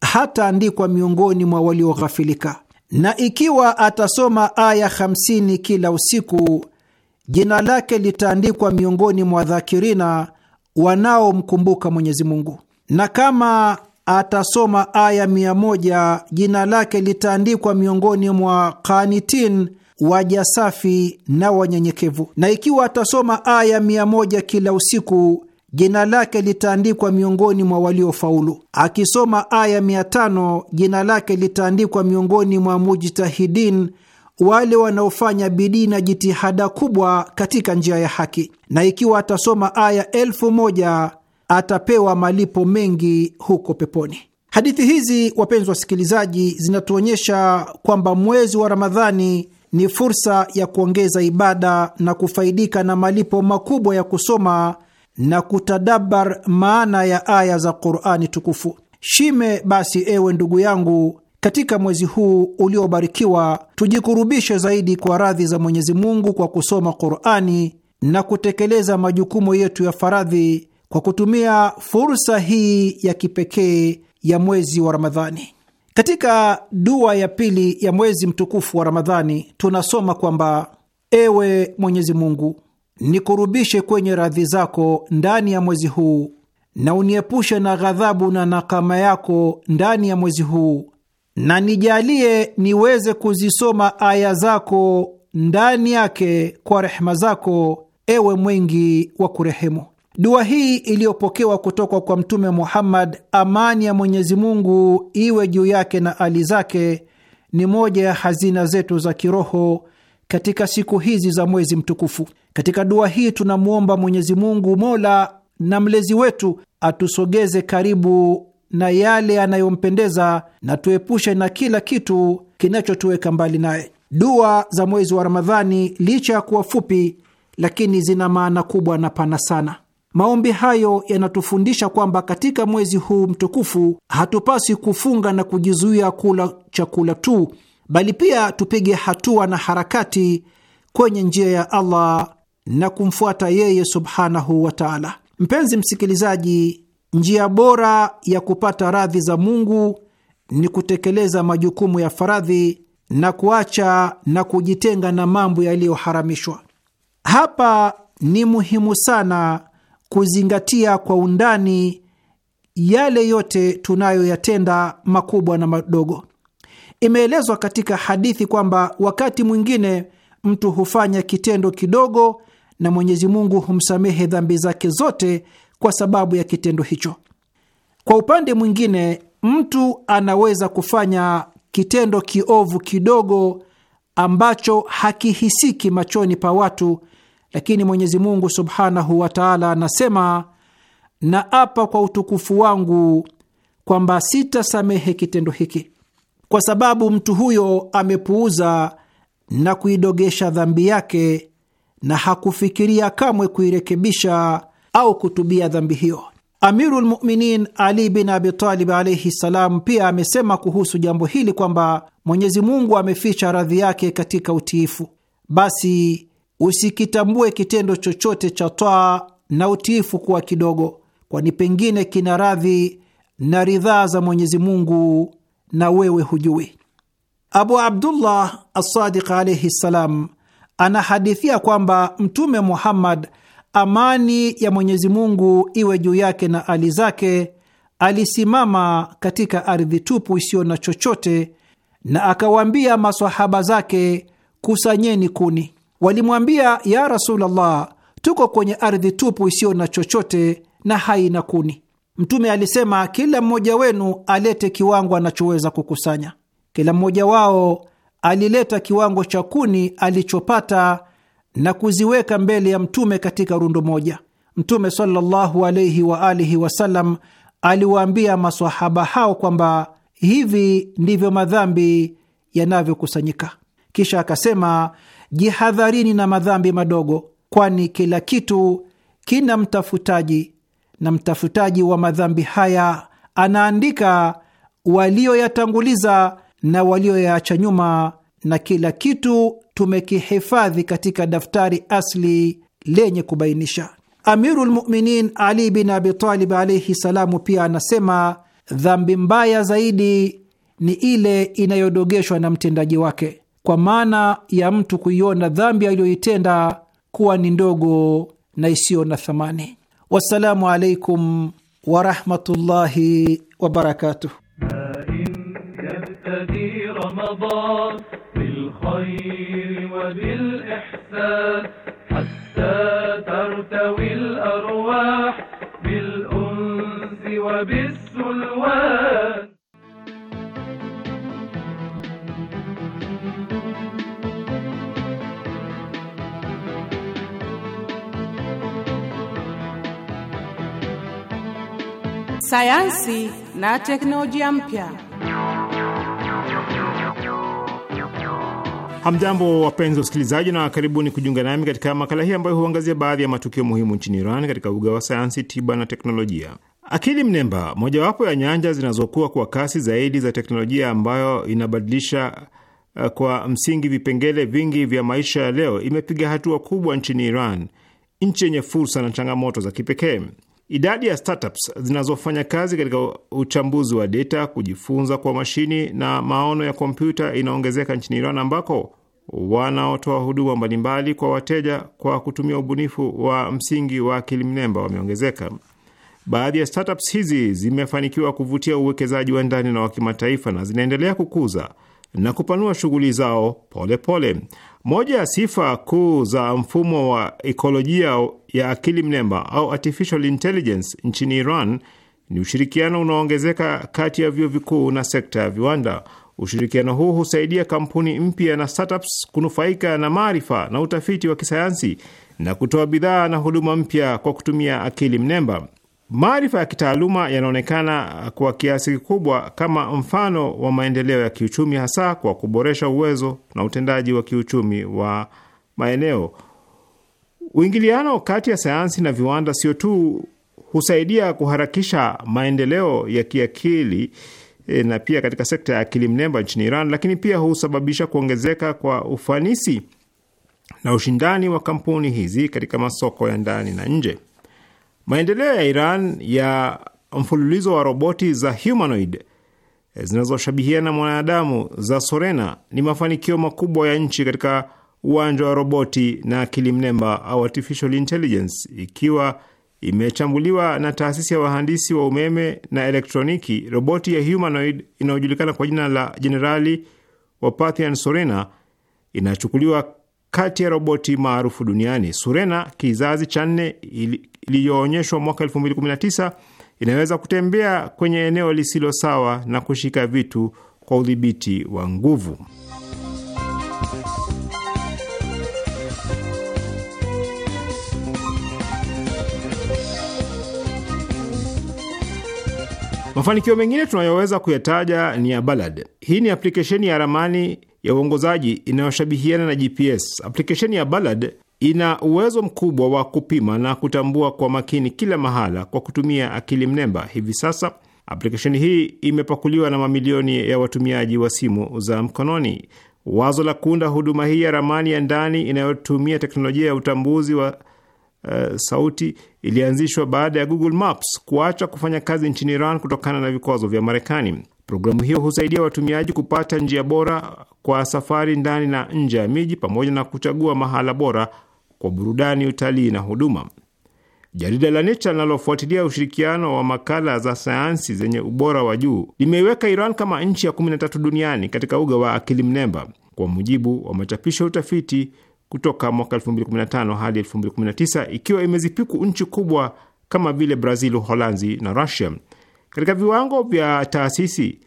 hataandikwa miongoni mwa walioghafilika, na ikiwa atasoma aya 50 kila usiku, jina lake litaandikwa miongoni mwa dhakirina wanaomkumbuka Mwenyezi Mungu. Na kama atasoma aya mia moja, jina lake litaandikwa miongoni mwa kanitin waja safi na wanyenyekevu. Na ikiwa atasoma aya mia moja kila usiku, jina lake litaandikwa miongoni mwa waliofaulu. Akisoma aya mia tano, jina lake litaandikwa miongoni mwa mujtahidin, wale wanaofanya bidii na jitihada kubwa katika njia ya haki. Na ikiwa atasoma aya elfu moja atapewa malipo mengi huko peponi. Hadithi hizi, wapenzi wasikilizaji, zinatuonyesha kwamba mwezi wa Ramadhani ni fursa ya kuongeza ibada na kufaidika na malipo makubwa ya kusoma na kutadabar maana ya aya za Qur'ani tukufu. Shime basi, ewe ndugu yangu, katika mwezi huu uliobarikiwa, tujikurubishe zaidi kwa radhi za Mwenyezi Mungu kwa kusoma Qur'ani na kutekeleza majukumu yetu ya faradhi kwa kutumia fursa hii ya kipekee ya mwezi wa Ramadhani. Katika dua ya pili ya mwezi mtukufu wa Ramadhani tunasoma kwamba ewe Mwenyezi Mungu, nikurubishe kwenye radhi zako ndani ya mwezi huu na uniepushe na ghadhabu na nakama yako ndani ya mwezi huu, na nijalie niweze kuzisoma aya zako ndani yake kwa rehema zako, ewe mwingi wa kurehemu. Dua hii iliyopokewa kutoka kwa Mtume Muhammad, amani ya Mwenyezi Mungu iwe juu yake na ali zake, ni moja ya hazina zetu za kiroho katika siku hizi za mwezi mtukufu. Katika dua hii tunamwomba Mwenyezi Mungu, mola na mlezi wetu, atusogeze karibu na yale yanayompendeza na tuepushe na kila kitu kinachotuweka mbali naye. Dua za mwezi wa Ramadhani, licha ya kuwa fupi, lakini zina maana kubwa na pana sana. Maombi hayo yanatufundisha kwamba katika mwezi huu mtukufu hatupaswi kufunga na kujizuia kula chakula tu, bali pia tupige hatua na harakati kwenye njia ya Allah na kumfuata yeye subhanahu wa taala. Mpenzi msikilizaji, njia bora ya kupata radhi za Mungu ni kutekeleza majukumu ya faradhi na kuacha na kujitenga na mambo yaliyoharamishwa. Hapa ni muhimu sana kuzingatia kwa undani yale yote tunayoyatenda makubwa na madogo. Imeelezwa katika hadithi kwamba wakati mwingine mtu hufanya kitendo kidogo na Mwenyezi Mungu humsamehe dhambi zake zote kwa sababu ya kitendo hicho. Kwa upande mwingine, mtu anaweza kufanya kitendo kiovu kidogo ambacho hakihisiki machoni pa watu lakini Mwenyezi Mungu subhanahu wa taala anasema, na apa kwa utukufu wangu kwamba sitasamehe kitendo hiki, kwa sababu mtu huyo amepuuza na kuidogesha dhambi yake na hakufikiria kamwe kuirekebisha au kutubia dhambi hiyo. Amirul Muminin Ali bin Abitalib alaihi ssalam pia amesema kuhusu jambo hili kwamba Mwenyezi Mungu ameficha radhi yake katika utiifu, basi Usikitambue kitendo chochote cha twaa na utiifu kuwa kidogo, kwani pengine kina radhi na ridhaa za Mwenyezi Mungu na wewe hujui. Abu Abdullah Assadiq alaihi ssalam anahadithia kwamba Mtume Muhammad, amani ya Mwenyezi Mungu iwe juu yake na ali zake, alisimama katika ardhi tupu isiyo na chochote, na akawaambia masahaba zake, kusanyeni kuni. Walimwambia, ya Rasulullah, tuko kwenye ardhi tupu isiyo na chochote na haina kuni. Mtume alisema, kila mmoja wenu alete kiwango anachoweza kukusanya. Kila mmoja wao alileta kiwango cha kuni alichopata na kuziweka mbele ya Mtume katika rundo moja. Mtume sallallahu wa alihi wasallam aliwaambia masahaba hao kwamba hivi ndivyo madhambi yanavyokusanyika. Kisha akasema jihadharini na madhambi madogo, kwani kila kitu kina mtafutaji, na mtafutaji wa madhambi haya anaandika walioyatanguliza na walioyaacha nyuma, na kila kitu tumekihifadhi katika daftari asli lenye kubainisha. Amiru lmuminin Ali bin Abitalib alaihi salamu pia anasema dhambi mbaya zaidi ni ile inayodogeshwa na mtendaji wake kwa maana ya mtu kuiona dhambi aliyoitenda kuwa ni ndogo na isiyo na thamani. Wassalamu alaikum warahmatullahi wabarakatuh. sayansi na teknolojia mpya. Hamjambo, wapenzi wasikilizaji, na karibuni kujiunga nami katika makala hii ambayo huangazia baadhi ya matukio muhimu nchini Iran katika uga wa sayansi, tiba na teknolojia. Akili mnemba, mojawapo ya nyanja zinazokuwa kwa kasi zaidi za teknolojia, ambayo inabadilisha uh, kwa msingi vipengele vingi vya maisha ya leo, imepiga hatua kubwa nchini Iran, nchi yenye fursa na changamoto za kipekee. Idadi ya startups zinazofanya kazi katika uchambuzi wa data, kujifunza kwa mashini na maono ya kompyuta inaongezeka nchini Iran ambako wanaotoa huduma mbalimbali kwa wateja kwa kutumia ubunifu wa msingi wa akili mnemba wameongezeka. Baadhi ya startups hizi zimefanikiwa kuvutia uwekezaji wa ndani na wa kimataifa na zinaendelea kukuza na kupanua shughuli zao polepole pole. Moja ya sifa kuu za mfumo wa ikolojia ya akili mnemba au artificial intelligence nchini Iran ni ushirikiano unaoongezeka kati ya vyuo vikuu na sekta ya viwanda. Ushirikiano huu husaidia kampuni mpya na startups kunufaika na maarifa na utafiti wa kisayansi na kutoa bidhaa na huduma mpya kwa kutumia akili mnemba. Maarifa ya kitaaluma yanaonekana kwa kiasi kikubwa kama mfano wa maendeleo ya kiuchumi, hasa kwa kuboresha uwezo na utendaji wa kiuchumi wa maeneo. Uingiliano kati ya sayansi na viwanda sio tu husaidia kuharakisha maendeleo ya kiakili e, na pia katika sekta ya akili mnemba nchini Iran, lakini pia husababisha kuongezeka kwa ufanisi na ushindani wa kampuni hizi katika masoko ya ndani na nje. Maendeleo ya Iran ya mfululizo wa roboti za humanoid eh, zinazoshabihiana mwanadamu za Sorena ni mafanikio makubwa ya nchi katika uwanja wa roboti na akili mnemba au artificial intelligence, ikiwa imechambuliwa na taasisi ya wahandisi wa umeme na elektroniki. Roboti ya humanoid inayojulikana kwa jina la Jenerali Wopathian Sorena inachukuliwa kati ya roboti maarufu duniani. Surena, kizazi cha nne, iliyoonyeshwa mwaka 2019 inaweza kutembea kwenye eneo lisilo sawa na kushika vitu kwa udhibiti wa nguvu. Mafanikio mengine tunayoweza kuyataja ni ya Balad. Hii ni aplikesheni ya ramani ya uongozaji inayoshabihiana na GPS. Aplikesheni ya Balad ina uwezo mkubwa wa kupima na kutambua kwa makini kila mahala kwa kutumia akili mnemba. Hivi sasa aplikesheni hii imepakuliwa na mamilioni ya watumiaji wa simu za mkononi. Wazo la kuunda huduma hii ya ramani ya ndani inayotumia teknolojia ya utambuzi wa uh, sauti ilianzishwa baada ya Google Maps kuacha kufanya kazi nchini Iran kutokana na vikwazo vya Marekani. Programu hiyo husaidia watumiaji kupata njia bora kwa safari ndani na nje ya miji pamoja na kuchagua mahala bora kwa burudani, utalii na huduma. Jarida la Nature linalofuatilia ushirikiano wa makala za sayansi zenye ubora wa juu limeiweka Iran kama nchi ya 13 duniani katika uga wa akili mnemba kwa mujibu wa machapisho ya utafiti kutoka mwaka 2015 hadi 2019, ikiwa imezipiku nchi kubwa kama vile Brazil, Uholanzi na Russia. Katika viwango vya taasisi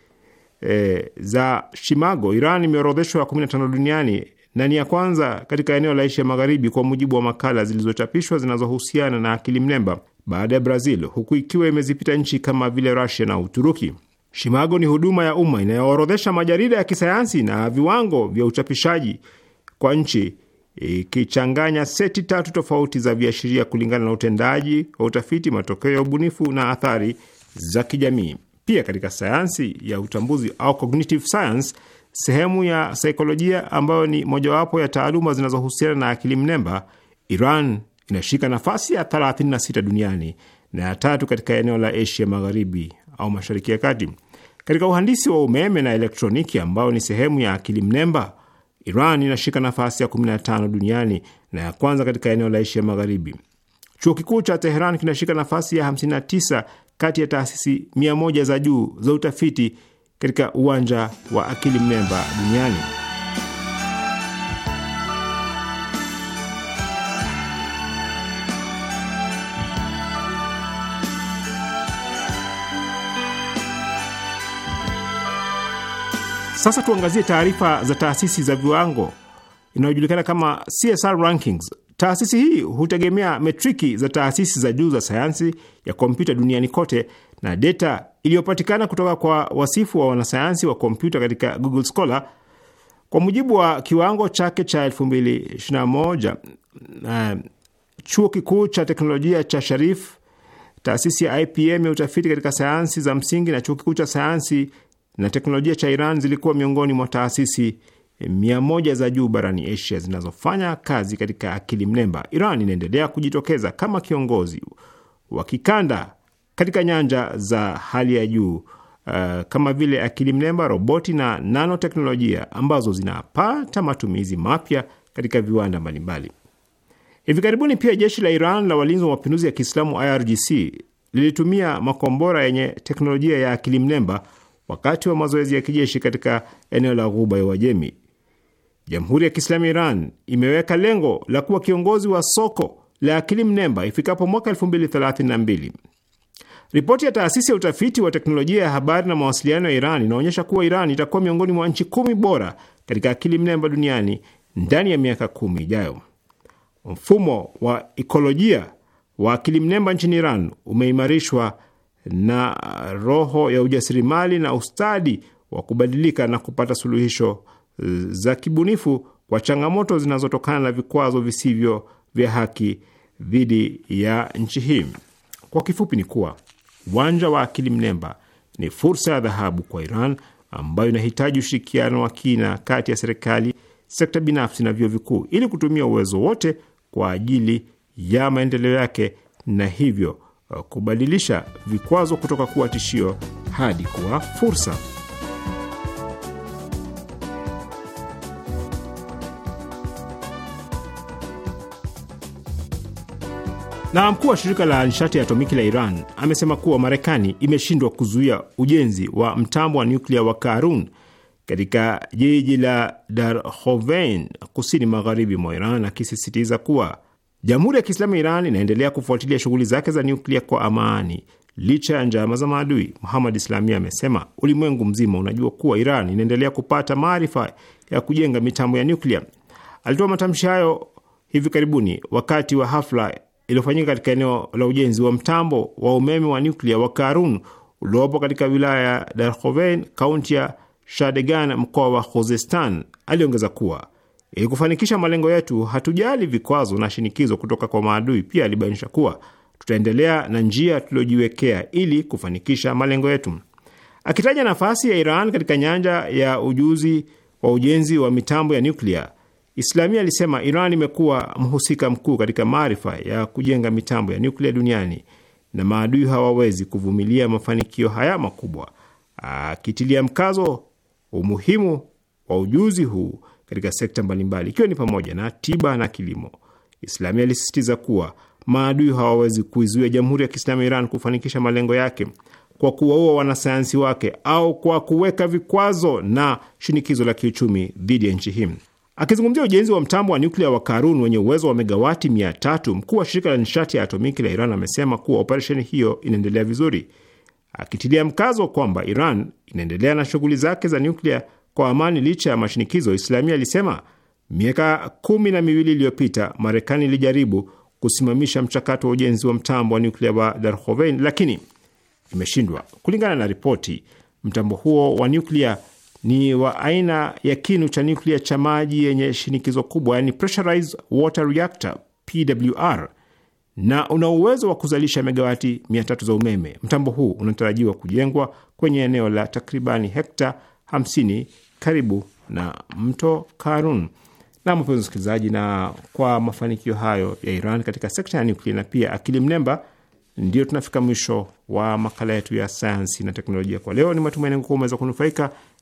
e, za Shimago, Iran imeorodheshwa 15 duniani na ni ya kwanza katika eneo la Asia Magharibi kwa mujibu wa makala zilizochapishwa zinazohusiana na akili mnemba baada ya Brazil, huku ikiwa imezipita nchi kama vile Rusia na Uturuki. Shimago ni huduma ya umma inayoorodhesha majarida ya kisayansi na viwango vya uchapishaji kwa nchi, ikichanganya seti tatu tofauti za viashiria kulingana na utendaji wa utafiti, matokeo ya ubunifu na athari za kijamii. Pia katika sayansi ya utambuzi au cognitive science, sehemu ya saikolojia ambayo ni mojawapo ya taaluma zinazohusiana na akili mnemba, Iran inashika nafasi ya 36 duniani na ya tatu katika eneo la Asia Magharibi au Mashariki ya Kati. Katika uhandisi wa umeme na elektroniki ambayo ni sehemu ya akili mnemba, Iran inashika nafasi ya 15 duniani na ya kwanza katika eneo la Asia Magharibi. Chuo kikuu cha Teheran kinashika nafasi ya 59 kati ya taasisi mia moja za juu za utafiti katika uwanja wa akili mnemba duniani. Sasa tuangazie taarifa za taasisi za viwango inayojulikana kama CSR rankings Taasisi hii hutegemea metriki za taasisi za juu za sayansi ya kompyuta duniani kote na data iliyopatikana kutoka kwa wasifu wa wanasayansi wa kompyuta katika Google Scholar kwa mujibu wa kiwango chake cha 2021 uh, chuo kikuu cha teknolojia cha Sharif, taasisi ya IPM ya utafiti katika sayansi za msingi na chuo kikuu cha sayansi na teknolojia cha Iran zilikuwa miongoni mwa taasisi mia moja za juu barani Asia zinazofanya kazi katika akili mnemba. Iran inaendelea kujitokeza kama kiongozi wa kikanda katika nyanja za hali ya juu uh, kama vile akili mnemba, roboti na nanoteknolojia ambazo zinapata matumizi mapya katika viwanda mbalimbali. Hivi karibuni pia jeshi la Iran la walinzi wa mapinduzi ya Kiislamu IRGC lilitumia makombora yenye teknolojia ya akili mnemba wakati wa mazoezi ya kijeshi katika eneo la Ghuba ya Uajemi. Jamhuri ya Kiislamu ya Iran imeweka lengo la kuwa kiongozi wa soko la akili mnemba ifikapo mwaka 2032. Ripoti ya taasisi ya utafiti wa teknolojia ya habari na mawasiliano ya Iran inaonyesha kuwa Iran itakuwa miongoni mwa nchi kumi bora katika akili mnemba duniani ndani ya miaka kumi ijayo. Mfumo wa ikolojia wa akili mnemba nchini Iran umeimarishwa na roho ya ujasiriamali na ustadi wa kubadilika na kupata suluhisho za kibunifu kwa changamoto zinazotokana na vikwazo visivyo vya haki dhidi ya nchi hii. Kwa kifupi, ni kuwa uwanja wa akili mnemba ni fursa ya dhahabu kwa Iran ambayo inahitaji ushirikiano wa kina kati ya serikali, sekta binafsi na vyuo vikuu ili kutumia uwezo wote kwa ajili ya maendeleo yake na hivyo kubadilisha vikwazo kutoka kuwa tishio hadi kuwa fursa. Na mkuu wa shirika la nishati ya atomiki la Iran amesema kuwa Marekani imeshindwa kuzuia ujenzi wa mtambo wa nyuklia wa Karun katika jiji la Darhovein kusini magharibi mwa Iran, akisisitiza kuwa Jamhuri ya Kiislamu ya Iran inaendelea kufuatilia shughuli zake za nyuklia kwa amani licha ya njama za maadui. Muhamad Islamia amesema ulimwengu mzima unajua kuwa Iran inaendelea kupata maarifa ya kujenga mitambo ya nyuklia. Alitoa matamshi hayo hivi karibuni wakati wa hafla iliyofanyika katika eneo la ujenzi wa mtambo wa umeme wa nyuklia wa Karun uliopo katika wilaya ya darhoven kaunti ya Shadegan, mkoa wa Khuzestan. Aliongeza kuwa ili kufanikisha malengo yetu, hatujali vikwazo na shinikizo kutoka kwa maadui. Pia alibainisha kuwa tutaendelea na njia tuliojiwekea ili kufanikisha malengo yetu, akitaja nafasi ya Iran katika nyanja ya ujuzi wa ujenzi wa mitambo ya nyuklia. Islamia alisema Iran imekuwa mhusika mkuu katika maarifa ya kujenga mitambo ya nyuklia duniani na maadui hawawezi kuvumilia mafanikio haya makubwa, akitilia mkazo umuhimu wa ujuzi huu katika sekta mbalimbali ikiwa ni pamoja na tiba na kilimo. Islamia alisisitiza kuwa maadui hawawezi kuizuia Jamhuri ya Kiislamu ya Iran kufanikisha malengo yake kwa kuwaua wanasayansi wake au kwa kuweka vikwazo na shinikizo la kiuchumi dhidi ya nchi hii. Akizungumzia ujenzi wa mtambo wa nyuklia wa Karun wenye uwezo wa megawati mia tatu, mkuu wa shirika la nishati ya atomiki la Iran amesema kuwa operesheni hiyo inaendelea vizuri, akitilia mkazo kwamba Iran inaendelea na shughuli zake za nyuklia kwa amani licha ya mashinikizo. Islamia alisema miaka kumi na miwili iliyopita Marekani ilijaribu kusimamisha mchakato wa ujenzi wa mtambo wa nyuklia wa Darhovein lakini imeshindwa. Kulingana na ripoti, mtambo huo wa nyuklia ni wa aina ya kinu cha nyuklia cha maji yenye shinikizo kubwa, yani pressurized water reactor PWR, na una uwezo wa kuzalisha megawati 300 za umeme. Mtambo huu unatarajiwa kujengwa kwenye eneo la takribani hekta 50 karibu na mto Karun. Na mpenzi msikilizaji, na kwa mafanikio hayo ya Iran katika sekta ya nyuklia na pia akili mnemba, ndio tunafika mwisho wa makala yetu ya sayansi na teknolojia kwa leo. Ni matumaini yangu kuwa umeweza kunufaika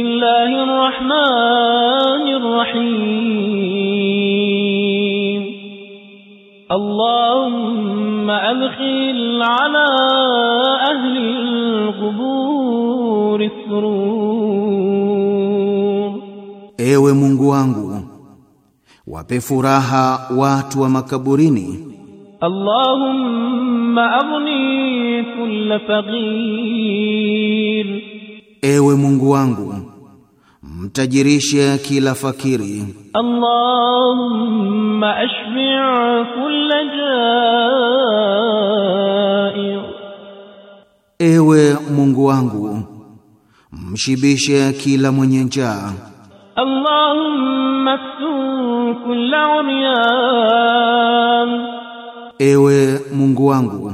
الله الرحمن الرحيم اللهم أدخل على أهل القبور السرور Ewe Mungu wangu wape furaha watu wa makaburini Allahumma aghni kull faqir Ewe Mungu wangu mtajirishe kila fakiri. Allahumma ashbi' kulla ja'i, ewe Mungu wangu mshibishe kila mwenye njaa. Allahumma aftu kulla umyan, ewe Mungu wangu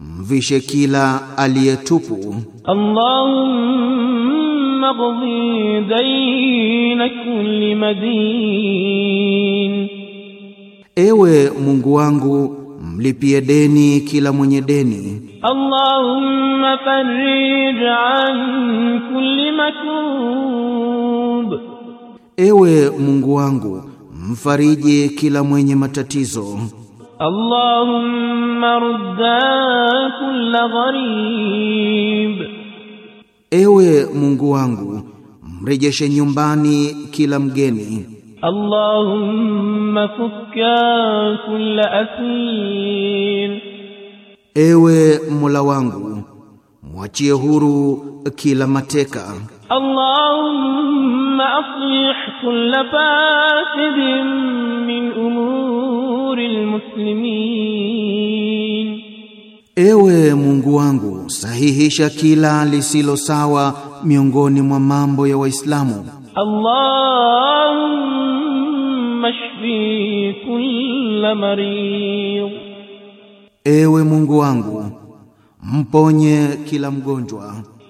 mvishe kila aliyetupu. Allahumma مقضي دين كل مدين Ewe Mungu wangu mlipie deni kila mwenye deni. Allahumma farij an kulli makrub Ewe Mungu wangu mfariji kila mwenye matatizo. Allahumma rudda kulla gharib Ewe Mungu wangu, mrejeshe nyumbani kila mgeni. Allahumma fukka kulla asir, Ewe Mola wangu, mwachie huru kila mateka. Allahumma aslih kulla fasidin min umuri almuslimin Ewe Mungu wangu, sahihisha kila lisilo sawa miongoni mwa mambo ya Waislamu. Allahumma shfi kulla marid, ewe Mungu wangu, mponye kila mgonjwa.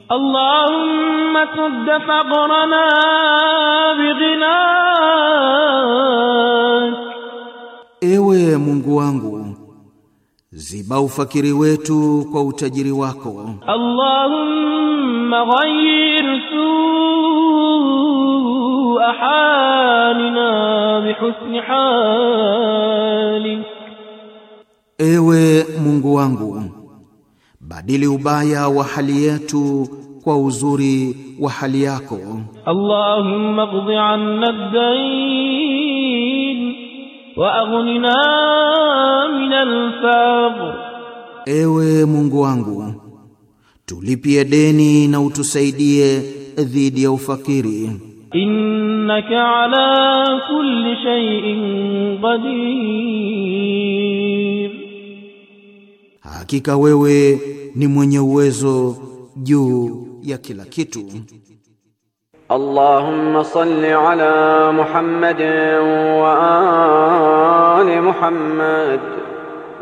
Allahumma sadd faqrana bighina, ewe Mungu wangu ziba ufakiri wetu kwa utajiri wako. Allahumma ghayyir su'a halina bihusni hali, ewe Mungu wangu, badili ubaya wa hali yetu kwa uzuri wa hali yako. Allahumma qdi anna ad-dayn Waaghna min alfaqr, ewe Mungu wangu tulipie deni na utusaidie dhidi ya ufakiri. Innaka ala kulli shay'in qadir, hakika wewe ni mwenye uwezo juu ya kila kitu. اللهم صل على محمد وآل محمد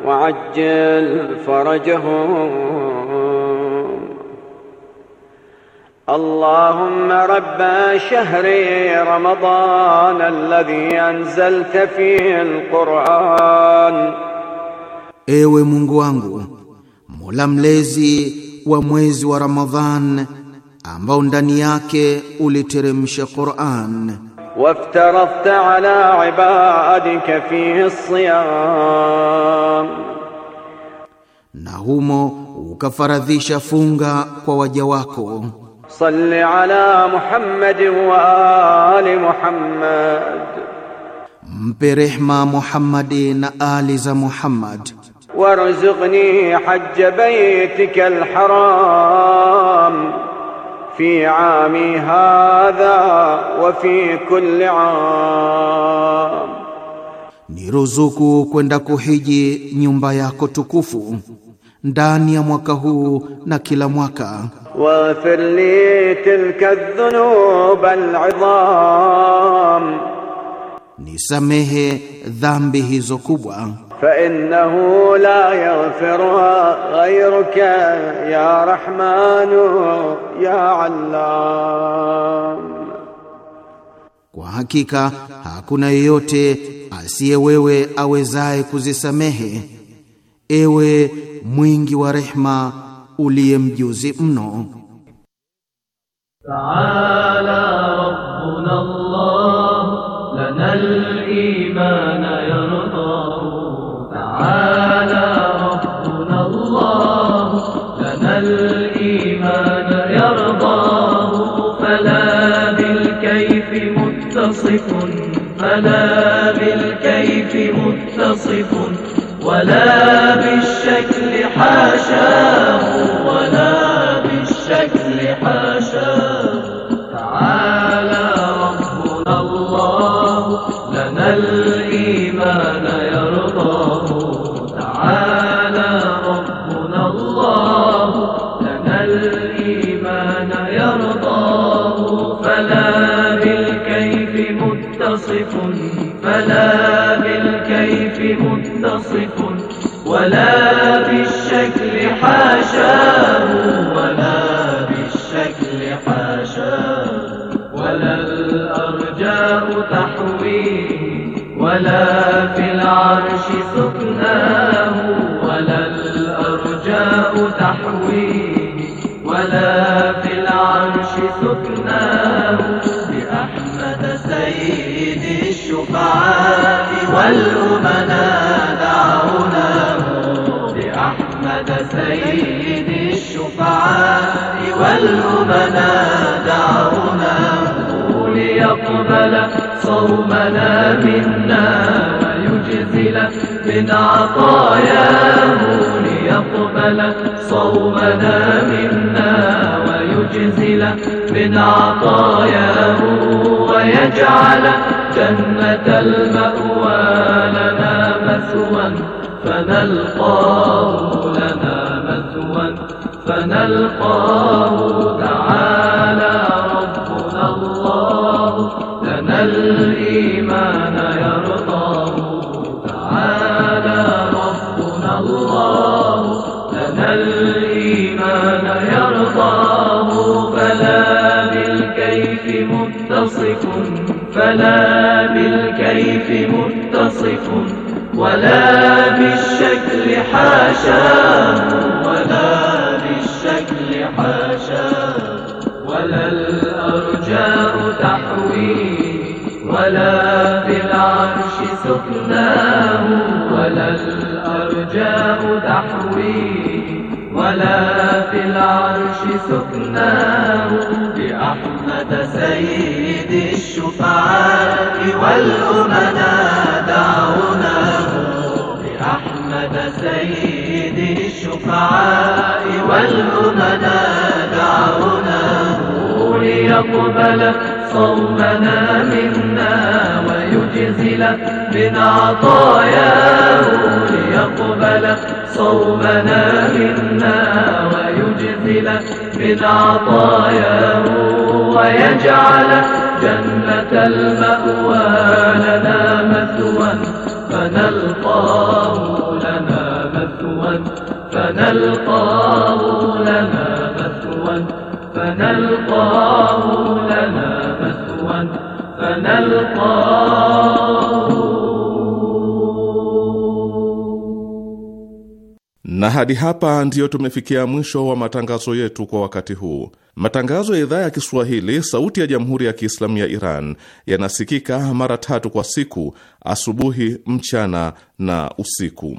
وعجل فرجهم اللهم رب شهر رمضان الذي أنزلت فيه القرآن ايوه مونغو وانغو مولا مليزي wa ورمضان wa ambao ndani yake uliteremsha Qur'an. Waftarafta ala ibadika fi siyam, na humo ukafaradhisha funga kwa waja wako. Salli ala Muhammad wa ali Muhammad, mpe rehma Muhammadi na ali za Muhammad. Warzuqni hajj baitika alharam في عامي هذا وفي كل عام am, ni ruzuku kwenda kuhiji nyumba yako tukufu ndani ya mwaka huu na kila mwaka. Waghfir li tilka dhunub al'idham, nisamehe dhambi hizo kubwa فإنه لا يغفرها غيرك يا رحمن يا علام Kwa hakika hakuna yeyote asiye wewe awezaye kuzisamehe, ewe mwingi wa rehma uliye mjuzi mno. Taala rabbuna Allah lana al-imana فلا بالكيف متصف ولا بالشكل حاشاه ولا بالشكل حاشاه تعالى ربنا الله لنا الإيمان يرضاه تعالى ربنا الله لنا الإيمان يرضاه فلا متصف فلا بالكيف متصف ولا بالشكل حاشاه ولا بالشكل حاشاه ولا الأرجاء تحويه ولا في العرش سكناه صومنا دعونا ليقبل صومنا منا ويجزل من عطاياه ليقبل صومنا منا ويجزل من عطاياه ويجعل جنة المأوى لنا مثوى فنلقاه لنا مثوى فنلقاه الله لنا الإيمان يرضاه تعالى ربنا الله لنا الإيمان يرضاه فلا بالكيف متصف فلا بالكيف متصف ولا بالشكل حاشاه ولا بالشكل حاشاه الأرجاء تحوي ولا في العرش سكناه ولا الأرجاء تحوي ولا في العرش سكناه بأحمد سيد الشفعاء والأمناء دعوناه بأحمد سيد الشفعاء والأمناء دعوناه ليقبل صومنا منا ويجزل من عطاياه ليقبل صومنا منا ويجزل من عطاياه ويجعل جنة المأوى لنا مثوى فنلقاه لنا مثوى فنلقاه فنلقاه لنا فنلقاه na hadi hapa ndiyo tumefikia mwisho wa matangazo yetu kwa wakati huu. Matangazo ya idhaa ya Kiswahili sauti ya jamhuri ya Kiislamu ya Iran yanasikika mara tatu kwa siku: asubuhi, mchana na usiku.